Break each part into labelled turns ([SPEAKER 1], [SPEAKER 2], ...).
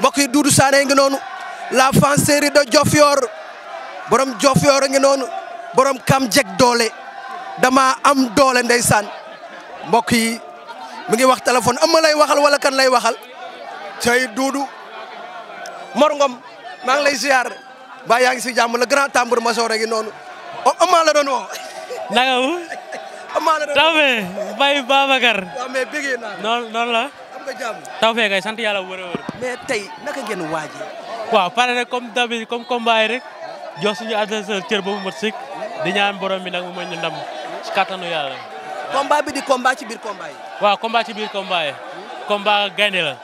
[SPEAKER 1] mbokk yi Doudou Sané ngi noonu la fan série de Diofior borom Diofior a ngi noonu borom kam jeg doole dama am doole ndeysaan mbokk yi mi ngi wax téléphone am ma lay waxal wala kan lay waxal cay Doudou Mor maa ngi lay ziar ba yaa ngi si jàmm le grand tambour major a ngi noonu
[SPEAKER 2] oh, ama la doon woo nagamu ama la doon tawme Baye Babacar tawme bégee naa noonu noonu tawfee kay sant yàlla bu wër a wër. mais tey naka ngeen waajee. waaw pare rek comme d'habitude comme combat yi rek jox suñu adversaire cër boobu mat sik di ñaan borom bi nag mu mën ndam ci yàlla. combat bi di combat ci biir combat yi. waaw combat gaynde la.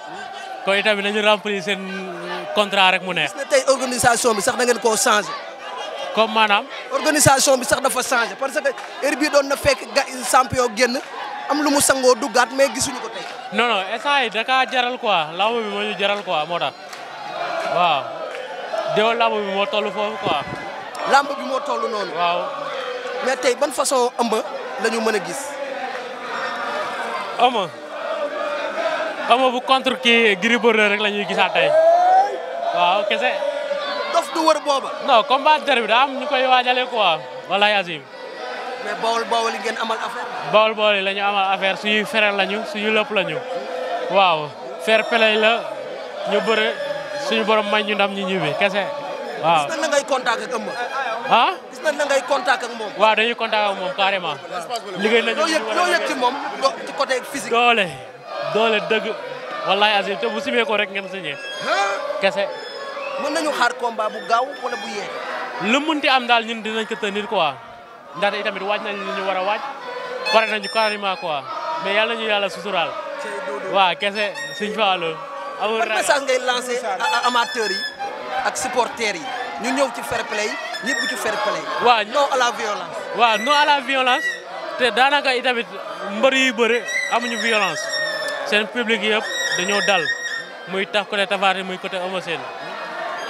[SPEAKER 2] kon itamit nañu remplir seen contrat rek mu neex. gis bi sax da ngeen koo changé. comme maanaam.
[SPEAKER 1] organisation bi sax dafa changé parce que heure doon na fekk ga champion am lu mu sangoo duggaat mais gisuñu ko tey.
[SPEAKER 2] non non instant yii da kaa jaral quoi lamb bi moo ñu jaral quoi moo tax waaw déwén lamb bi moo toll foofu quoi. lamb bi moo toll noonu. waaw. mais tey ban façon ëmb la mën a gis. ëmb ëmb bu contre kii Gris Bordeaux rek la ñuy waaw kese. dof du wër booba. non combat derby bi daa am ñu koy waajalee quoi wala Yazim.
[SPEAKER 1] mais bawol bawol yi ngeen amal affaire.
[SPEAKER 2] bawol bawol la ñu amal affaire suñuy frère lañu suñu lépp lañu waaw fair play la ñu bëre suñu borom may ñu ndam ñu ñibbi kese waaw. gis na ngay contact ak ëmb. ah gis moom. waaw dañuy contact ak liggéey nañu loo moom doole dëgg wallaay azim te bu simee rek ngeen sañee kese. mën nañu xaar combat bu gaaw wala bu lu munti am daal ñun dinañ ko tenir ndaxte itamit waaj nañ li ñu war a waaj pare nañu carrément quoi mais yàlla nañu yàlla suturaal. waaw kese suñ faalu. amul ragal ban message ngay lancé amateurs yi ak supporters yi ñu ñëw ci fair play ñëpp ci fair play. waaw non à la violence. te daanaka itamit mbër yu bëri amuñu violence seen public yëpp dañoo dal muy tax côté Tapha Tine muy côté Eumeu Sène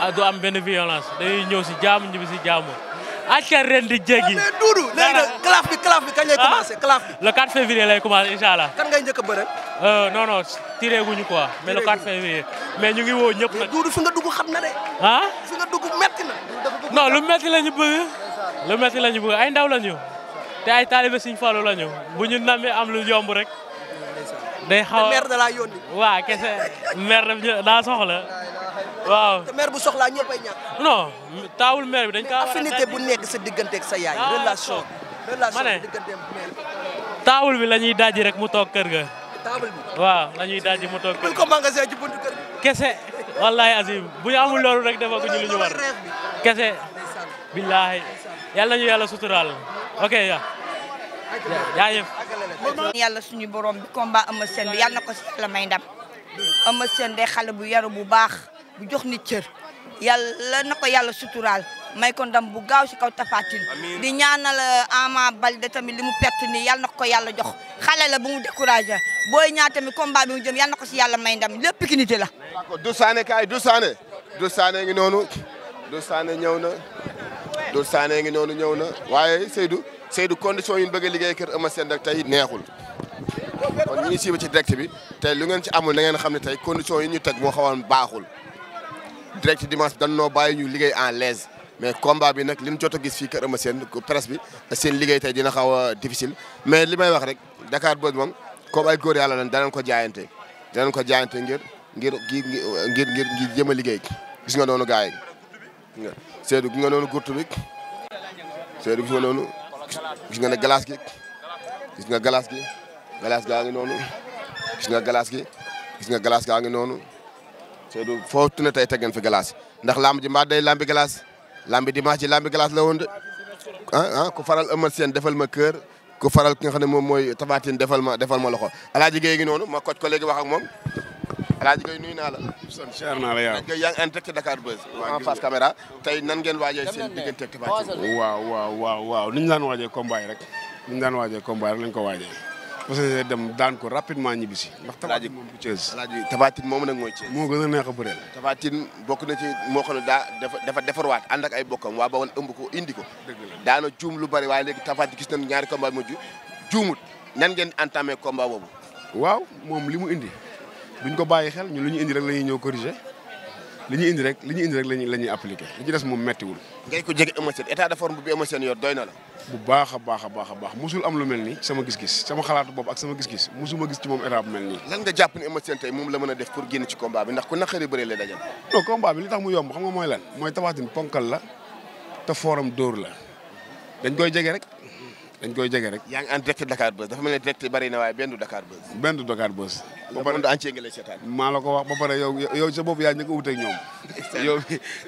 [SPEAKER 2] ah, du am benn violence dañuy ñëw si jaamu ñibbi si jaamu. acca ren di jéggi. mais Doudou léegi bi claf bi kañ lay ah, commencé claf bi. le 4 février lay commencé incha allah. kan ngay njëkk a bëre. Euh, non non tiré guñu quoi. mais le 4 février mais ñu ngi woo ñëpp nag. Doudou fi nga dugg xam na de. ah
[SPEAKER 1] fi nga dugg metti na.
[SPEAKER 2] non lu metti la ñu bëgg. lu la ñu bëgg ay ndaw la ñu. te ay taalibe Sëriñ Fallu la bu ñu namee am lu yomb rek. day xaw a da laa yónni. waaw kese mère daa soxla. waaw te bu soxlaa ñëppay ñàkk. non taawul mère bi dañ kaa sa digganteeg sa yaay. Ah, relation relation bi la ñuy rek mu toog kër ga. taawul bi waaw la ñuy dajji mu toog kër ga. kese wallahi azim bu ñu amul loolu rek defaguñu lu ñu war kese. billahi yàlla ñu yàlla suturaal ok ya jaajëf
[SPEAKER 1] yàlla suñu borom bi na ko si yàlla may ndam Eumeu Sène day xale bu yaru bu baax bu jox nit cër yàlla na ko yàlla suturaal may ko ndam bu gaaw si kaw tafaatin di ñaanal uh, Ama Baldé tamit li mu perte nii yàlla na ko yàlla jox xale la bu mu découragé booy ñaar tamit combat bi mu jëm yàlla na si yàlla may ndam lépp ki nit la.
[SPEAKER 3] d'accord du saane kaay du saane du saane ngi noonu du saane ñëw na du saane ngi noonu ñëw na waaye Seydou Seydou condition yi ñu bëgg a liggéey kër Eumeu Sène nag tey neexul kon ñu siiba ci direct bi tey lu ngeen ci amul na ngeen xam ne tey condition yi ñu teg moo xawoon baaxul. direct dimanche bi dañu noo bàyyi ñu liggéey en l'aise mais combat bi nag li ñu jot a gis fii Kër Eumeu Sène presse bi seen liggéey tey dina xaw a difficile mais li may wax rek Dakar Buzz moom comme ay góor yàlla lan danañ ko jaayante danañ ko jaayante ngir ngir ngir ngir ngir ngir jëm a liggéey gis nga noonu gars yi Seydou gis nga noonu gurtu bi Seydou gis nga noonu gis nga ngi noonu gis nga gi gis nga glace gaa ngi noonu Seydou foo tune tey teg ngeen fi glace ndax lamb ji mbaa day lambi glace lambi dimanche ji lambi glace la woon de ah, ah ku faral Eumeu seen defal ma kër ku faral ki nga xam ne moom mooy Tapha defal ma defal ma loxo Alaaji Gaye gi noonu ma koj ko léegi wax ak moom Alaaji Gaye nuyu naa la. sant cher naa la yaa ngi yaa ngi en direct Dakar Buzz. ngeen waajee seen diggante ak waaw waaw waaw waaw ni ñu daan waajee combat yi rek ni ñu daan waajee rek lañ ko waajee. parce que dem daan ko rapidement ñibbi si ndax Tafatine moom bu Thiès. Alaaji moom nag mooy moo gën a neex a bëreel. Tafatine bokk na ci moo xam ne daa dafa dafa defarwaat ànd ak ay bokkam waa boobu ëmb ko indi ko. dëgg daana juum lu bari waaye léegi Tafatine gis nañu ñaari combat mujj juumut nan ngeen entamé combat boobu. waaw moom li mu indi buñ ko bàyyi xel ñu lu ñu indi rek la ñuy ñëw corriger. li ñu indi rek li ñu indi rek lañuy la ñuy appliqué li ci des moom méttiwul. ngay ko jege Eumeu Sène état de forme bi Eumeu Sène doy na la. bu baax a baax a a baax musul am lu mel nii sama gis-gis sama xalaatu bopp ak sama gis-gis musuma gis ci moom état bu mel nii. lan nga jàpp ni Eumeu tey moom la mën a def pour génn ci combat ndax ku naqari bëri la dajal. non combat li tax mu yomb xam nga mooy lan mooy Tapha ponkal la te fooram dóor la dañ koy jege dañ koy jege rek. yaa ngi en direct Dakar Buzz dafa mel ni direct bari na waaye benn du Dakar Buzz. benn du Dakar Buzz. ba pare monde entier nga lay seetaan. maa la ko wax ba yow yow sa bopp yaa ñu ko wuteeg ñoom. yow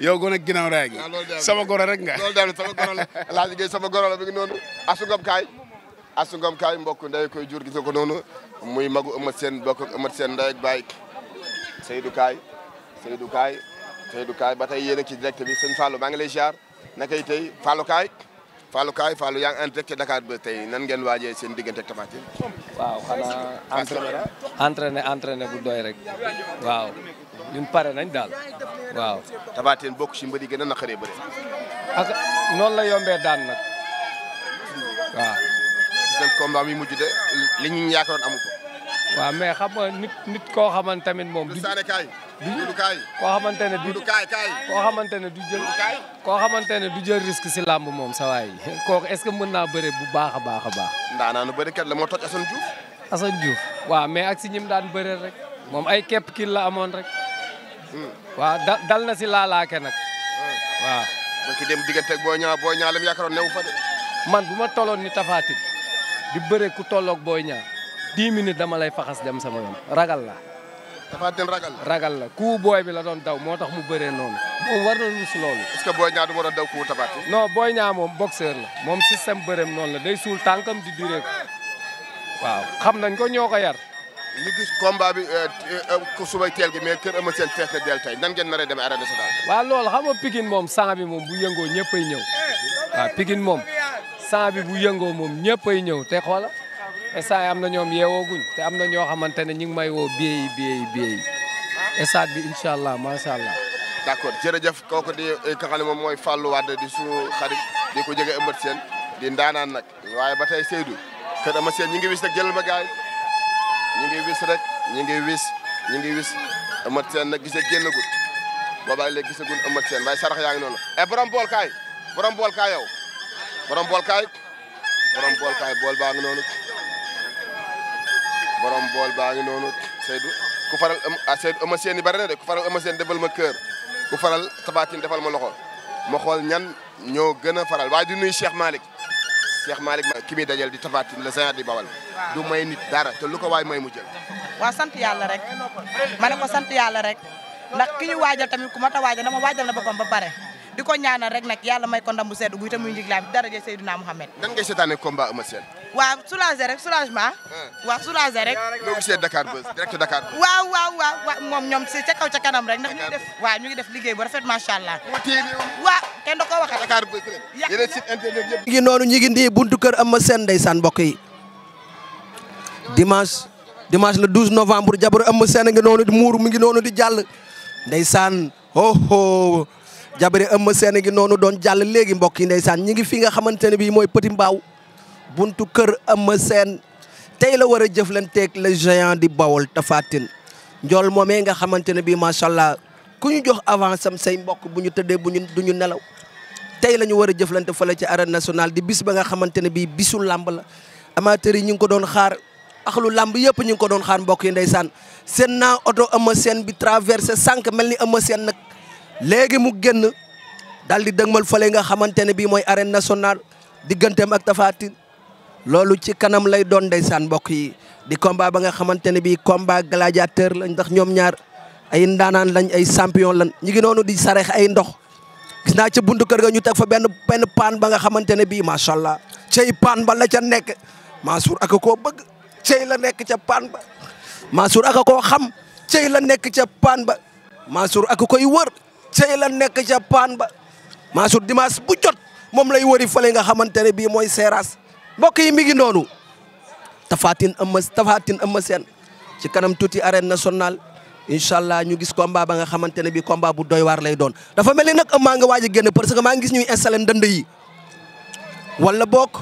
[SPEAKER 3] yow gone ginnaaw raay ah, sama goro rek nga. loolu daal sama goro la laaj ngeen sama goro la mi ngi noonu. asu ngom kaay asu ngom kaay mbokk ndey koy jur gis nga ko noonu muy magu ëmmat seen bokk ak ëmmat seen ndey ak baay. Seydou Kaay Seydou Kaay ba tey yéen a ci direct bi sëñ Fallou maa ngi lay ziar nakay tey Fallou Fallou Kaay Fallou yaa ngi en direct ci ba tey nan ngeen waajee seen diggante ak Tapha Tine. waaw xanaa
[SPEAKER 4] entraîné entraîné bu doy rek waaw ñun pare nañ daal waaw. Tapha bokk ci mbër yi gën a naqaree bëri. ak noonu la yombee daan nag
[SPEAKER 3] waaw. gis nañ combat mujj de li ñu yaakaaroon amu ko.
[SPEAKER 4] waaw mais xam nga nit nit koo xamante tamit moom. du Saane du koo xamante ne du kaay koo xamante ne du jël kaay koo xamante ne du jël risque si làmb moom sa kook kooku est-ce que mën naa bëre bu baax a baax a baax
[SPEAKER 3] ndaanaanu bëri la moo toj Assane Diouf
[SPEAKER 4] Assane Diouf waa mais ak si ñim daan bëre rek moom ay képp kil la amoon rek hmm. waaw da dal na si laalaake nag hmm. waaw
[SPEAKER 3] ki dem diggante boo ñaa boo ñaa lam yaakaaroon newu fa
[SPEAKER 4] de man bu ma toloon ni tafaatin di bëre ku tollook booy ñaa dix minutes dama lay faxas dem sama yoon ragal la Tapha Tine ragal la ragal la ku booy bi la doon daw moo tax mu bëree noonu moom war na rus loolu. est-ce que booy ñaa daw ku Tapha Tine. non booy ñaa moom boxeur la moom système bëreem noonu la day suul tànkam di diree waaw xam nañ ko ñoo ka yar.
[SPEAKER 3] ñu gis combat bi euh, euh, euh, suba teel gi mais kër ama seen fees nan ngeen nar a demee arène nationale.
[SPEAKER 4] waaw xam nga Pikine moom sang bi moom bu yëngoo ñëppay ñëw eh, waaw Pikine moom sang bi bu yëngoo moom ñëppay ñëw te xoola estade am na ñoom yeewooguñ te am na ñoo xamante ne ñu ngi may woo billet yi billet yi bi incha allah macha allah.
[SPEAKER 3] d' accord jërëjëf kooku di eh, ka moom mooy Fallou Wade di suñu xarit di ko jege ëmbat seen di ndaanaan nag waaye ba tey Seydou kër ama seen ñi ngi wis rek jëlal ma gaay ñi wis rek ñi ngi wis ñi ngi wis ëmbat seen nag gisee génnagul boobaay léegi gisagul ëmbat seen waaye sarax yaa ngi noonu e borom bool kaay borom bool kaay yow borom bool kaay bool kaay bool noonu borom bool baa ngi noonu Seydou ku faral ah, Seydou Eumeu Sène yi bari na de ku faral Eumeu defal ma kër ku faral Tapha Tine defal ma loxo ma xool ñan ñoo gën a faral waaye di nuyu Cheikh Malick Cheikh Malick ki muy dajal di Tapha Tine la sañaat di bawal du may nit dara te lu ko waay may mu jël
[SPEAKER 1] waaw sant yàlla rek ma ne ko sant yàlla rek ndax ki waajal tamit ku mat a waajal na boppam ba pare di ko ñaanal rek nag yàlla may ko ndam bu sedd guy te dara je Seydina Mouhamed nan
[SPEAKER 3] ngay
[SPEAKER 1] waaw soulagé rek soulagement. waa soulagé rek. loo waa
[SPEAKER 4] Dakar Buzz direct Dakar.
[SPEAKER 1] waaw moom ñoom si ca kaw kanam rek ndax ñu ngi def. waaw
[SPEAKER 3] ñu def liggéey bu rafet macha allah. waaw kenn da koo waxee. Dakar Buzz
[SPEAKER 1] noonu ñu ngi nii buntu kër Eumeu Sène ndeysaan mbokk yi dimanche dimanche le 12 novembre jabaru Eumeu Sène ngi noonu di muur mu ngi noonu di jàll ndeysaan saan oh jabari Eumeu seen ngi noonu doon jàll léegi mbokk yi ndeysaan ñu ngi fi nga xamante ne bii mooy Petit Mbao buntu kër Eumeu seen tey la war a jëflanteeg la géant di Bawol Tapha Tine njool moomee nga xamante ne bii macha allah ku ñu jox avance am say mbokk bu ñu tëddee bu ñu du ñu nelaw tey la ñu war a jëflante fële ci arène national di bis ba nga xamante ne bii bisu làmb la amateurs yi ñu ngi ko doon xaar axlu làmb yëpp ñu ngi ko doon xaar mbokk yi ndeysaan seen naa oto Eumeu seen bi traverse sànq mel ni Eumeu seen nag léegi mu génn daal di dëgmal fële nga xamante ne bii mooy arène nationale digganteem ak Tapha loolu ci kanam lay doon ndeysaan mbokk yi di combat ba nga xamante ne bii combat gladiateur lañ ndax ñoom ñaar ay ndaanaan lañ ay champion lañ ñu ngi noonu di sareex ay ndox gis naa ca buntu kër ga ñu teg fa benn benn paan ba nga xamante ne bii macha allah cey paan ba la ca nekk Mansour ak ko bëgg cey la nekk ca paan ba Mansour ak koo xam cey la nekk ca paan ba Mansour ak koy wër cey la nekk ca paan ba Mansour dimanche bu jot moom lay fa fële nga xamante ne bii mooy seeraas bokk yi mi ngi noonu Tafatine Eumeu Tafatine Eumeu Sène ci kanam tuuti arène nationale incha allah ñu gis combat ba nga xamante ne bii combat bu doy waar lay doon dafa mel ni nag maa nga waaj a génn parce que maa ngi gis ñuy installé ndënd yi bokk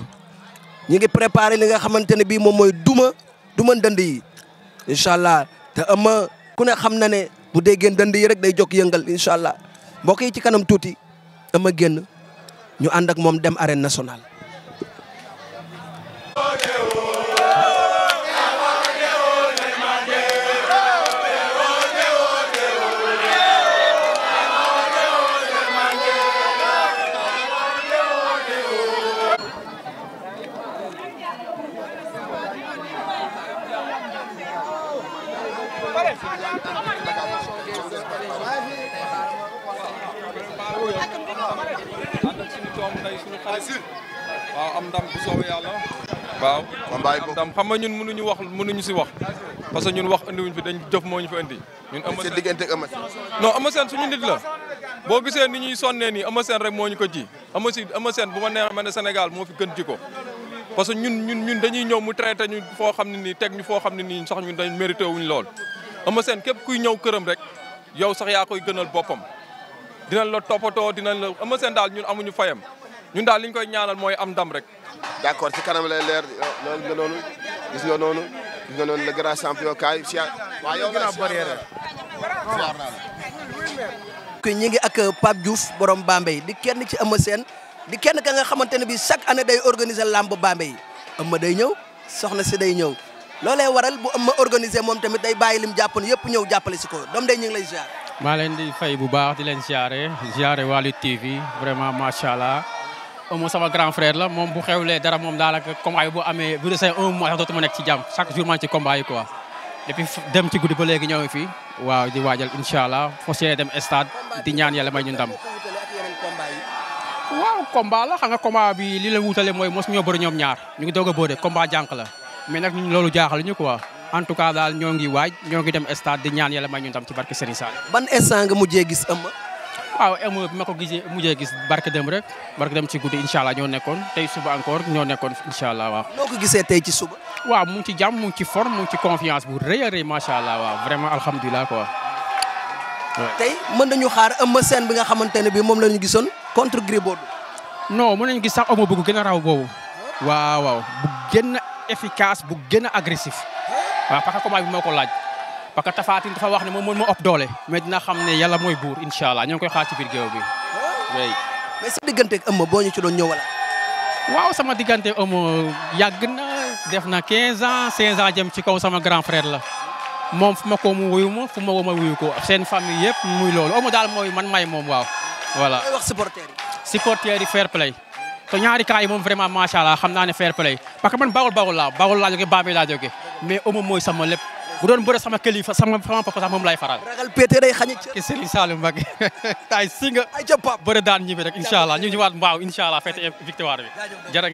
[SPEAKER 1] ñu ngi préparé li nga xamante ne bii moom mooy duma duma ndënd yi allah te Eumeu ku ne xam na ne bu dee génn dënd yi rek day jokk yëngal incha allah mbokk yi ci kanam tuuti Eumeu génn ñu ànd ak moom dem arène national
[SPEAKER 5] mooy suñu xarit waaw am ndam bu soobee yàlla waaw am ndam xam nga ñun mënuñu wax mënuñu si wax parce que ñun wax indiwuñ fi dañ jëf moo ñu fi andi ñun Eumeu Sène diggante ak Eumeu Sène non nit la boo gisee ni ñuy sonnee nii Eumeu Sène rek moo ñu ko ji Eumeu Sène Eumeu Sène bu ma neex ma ne Sénégal moo fi gën ji ko que ñun ñun ñun dañuy ñëw mu traité ñu foo xam ne nii teg ñu foo xam ne nii sax ñun dañ mérité wuñ lool Eumeu Sène képp kuy ñëw këram rek yow sax yaa koy gënal boppam dinañ la toppatoo dinañ la Eumeu Sène daal ñun amuñu fayam ñun daal li ñu koy ñaanal mooy
[SPEAKER 3] am ndam rek. d' ci kanam lay leer loolu nga noonu gis nga noonu gis nga kaay si waaw yow la
[SPEAKER 1] ngi ak Pape Diouf borom Bambey di kenn ci Eumeu Sène di kenn ka nga xamante ne bii chaque année day organiser làmb Bambey Eumeu day ñëw soxna si day ñëw loolee waral bu Eumeu organiser moom tamit day bàyyi lim jàppoon yëpp ñëw jàppale si ko doom day ñu ngi lay
[SPEAKER 5] maa leen di fay bu baax di leen ziare ziare waa Lutte TV vraiment macha allah. ëmm sama grand frère la moom bu xewlee dara moom daanaka combat yi bu amee bu desee un mois sax dootuma nekk ci jàmm chaque jour maa ngi ci combat yi quoi. dem ci guddi ba léegi ñoo fi waaw di waajal incha allah fas yéene dem stade di ñaan yàlla may ñu waaw combat la xam nga combat bi li la wutale mooy mos ñoo bëri ñaar ñu ngi doog a bëre combat jànq la mais nag ñun loolu jaaxal ñu quoi en tout cas daal ñoo ngi waaj ñoo ngi dem stade di ñaan yàlla may ñu ndam ci barke Serigne Sall. waaw émo bi ma ko gisee mujjee gis barke dem rek barke dem ci guddi incha allah ñoo nekkoon tey suba encore ñoo nekkoon incha allah waaw. noo ko gisee tey ci suba. waaw mu ci jàmm mu ngi ci forme mu ngi ci confiance bu rëy a rëy macha allah waaw vraiment alhamdulilah quoi. tey mën
[SPEAKER 1] nañu xaar Eumeu Sène bi nga xamante ne bi moom la ñu gisoon contre Gris Bordeaux. non mën nañu gis sax Eumeu bu gën
[SPEAKER 5] a raw boobu. waaw waaw bu gën a efficace bu gën a agressif. waaw parce bi moo ko laaj. parce que tafaatin dafa wax ne moom moom moo ëpp doole mais dina xam ne yàlla mooy buur incha allah ñoo koy xaar ci biir géew bi mais sa diggante ak ëmb boo ñu ci doon ñëwala. waaw sama diggante ëmb yàgg na def na 15 ans 16 ans jëm ci kaw sama grand frère la moom fu ma ko mu wuyu ma fu ma woo ma wuyu ko seen famille yëpp muy loolu ëmb daal mooy man may moom waaw. voilà wax supporters yi. supporters yi fair play te ñaari cas yi moom vraiment macha allah xam naa ne fair play parce que man bawol bawol mooy sama lépp. bu doon bëre sama kilifa sama papa sax moom lay faral. ragal pété day xañ ci Serigne Saliou Mbacké
[SPEAKER 4] ay daan ñibbi rek incha allah ñu ngi waat mbaaw incha allah fête victoire bi